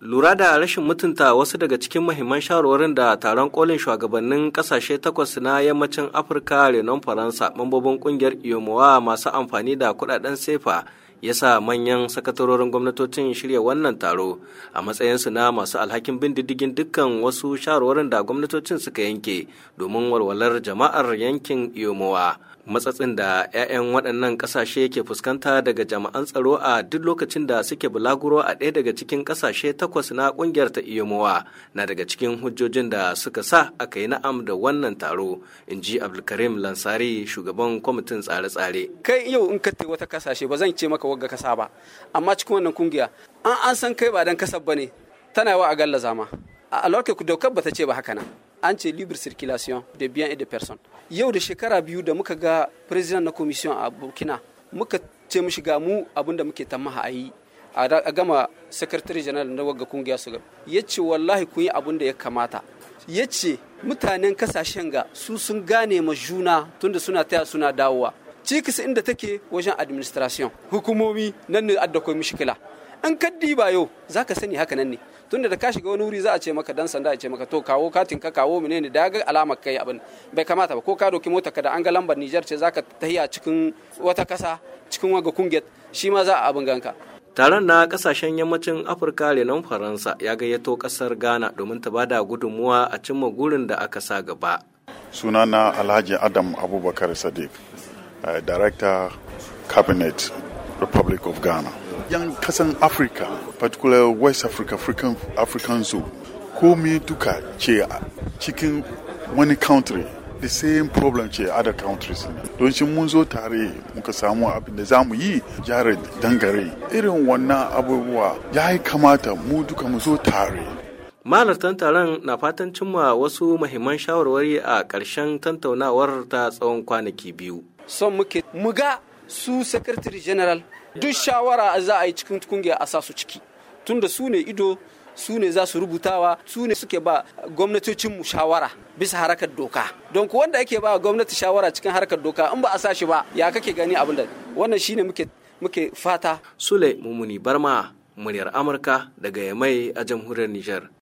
lura da rashin mutunta wasu daga cikin mahimman shawarwarin da taron kolin shugabannin kasashe takwas na yammacin afirka renon faransa mambobin kungiyar iyomowa masu amfani da kudaden sefa ya sa manyan sakatarorin gwamnatocin shirya wannan taro a matsayinsu na masu alhakin bin diddigin dukkan wasu shawarwarin da gwamnatocin suka yanke domin walwalar jama'ar yankin yomowa matsatsin da 'ya'yan waɗannan ƙasashe ke fuskanta daga jama'an tsaro a duk lokacin da suke bulaguro a ɗaya daga cikin ƙasashe takwas na ƙungiyar ta iyomowa na daga cikin hujjojin da suka sa aka yi na'am da wannan taro in ji abdulkarim lansari shugaban kwamitin tsare-tsare kai yau in ka wata ƙasashe ba zan ce maka ka wagga kasa ba amma cikin wannan kungiya an an san kai ba dan kasar bane tana yawa a galla zama a lokacin dokar ba ta ce ba haka nan an ce libre circulation de bien et de personnes yau da shekara biyu da muka ga president na commission a burkina muka ce mu shiga mu abinda muke tamaha a yi a gama secretary general na wagga kungiya su ya ce wallahi kun yi abin da ya kamata ya ce mutanen kasashen ga su sun gane ma juna tunda suna taya suna dawowa cikis inda take wajen administration hukumomi nan ne adda kai mushkila an kaddi ba yau zaka sani haka nan ne tunda da ka shiga wani wuri za a ce maka dan sanda a ce maka to kawo katin ka kawo mene ne da ga alamar kai abin bai kamata ba ko ka doki mota ka da an ga lambar Niger ce zaka tahiya cikin wata kasa cikin waga kungiyar shi ma za a abin ganka taron na kasashen yammacin afirka renon faransa ya gayyato kasar ghana domin ta bada gudunmuwa a cimma gurin da aka sa gaba sunana alhaji adam abubakar sadiq uh, director cabinet republic of ghana yan kasan africa particular west africa african, african zoo komi duka ce cikin wani country the same problem ce other countries don shi mun zo tare muka samu abin da za mu yi jared dangare irin wannan abubuwa ya yi kamata mu duka mu zo tare malartan taron na fatan cimma wasu mahimman shawarwari a ƙarshen tantaunawar ta tsawon kwanaki biyu son muke muga su secretary general duk shawara za a yi cikin kungiya a sa su ciki tunda su ne ido su ne za su rubutawa su ne suke ba gwamnatocinmu shawara bisa harkar doka don ku wanda ake ba gwamnati shawara cikin harkar doka in ba a sa shi ba ya kake gani abin da wannan shine muke muke fata sule mumuni barma muryar amurka daga yamai a jamhuriyar nijar